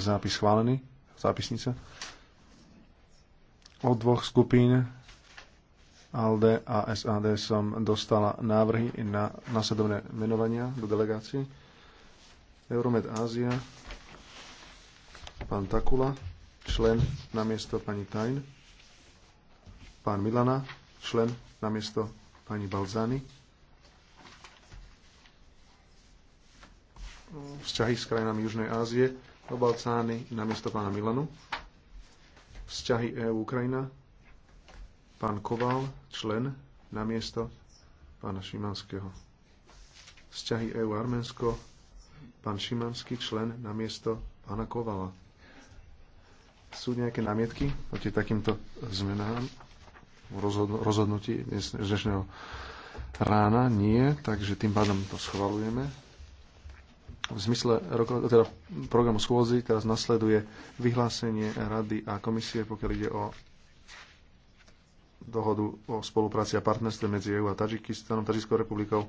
zápis schválený, zápisnica. Od dvoch skupín ALDE a SAD som dostala návrhy na nasledovné menovania do delegácie Euromed Ázia, pán Takula, člen na miesto pani Tajn, pán Milana, člen na miesto pani Balzany, vzťahy s krajinami Južnej Ázie, Obalcány na miesto pána Milanu. Vzťahy EU-Ukrajina. Pán Koval, člen, na miesto pána Šimanského. Vzťahy EU-Arménsko. Pán Šimanský, člen, na miesto pána Kovala. Sú nejaké námietky proti takýmto zmenám rozhodn- rozhodnutí dnešného rána? Nie, takže tým pádom to schvalujeme. V zmysle teda programu schôzy teraz nasleduje vyhlásenie Rady a komisie, pokiaľ ide o dohodu o spolupráci a partnerstve medzi EU a Tadžikistanom, Tadžickou republikou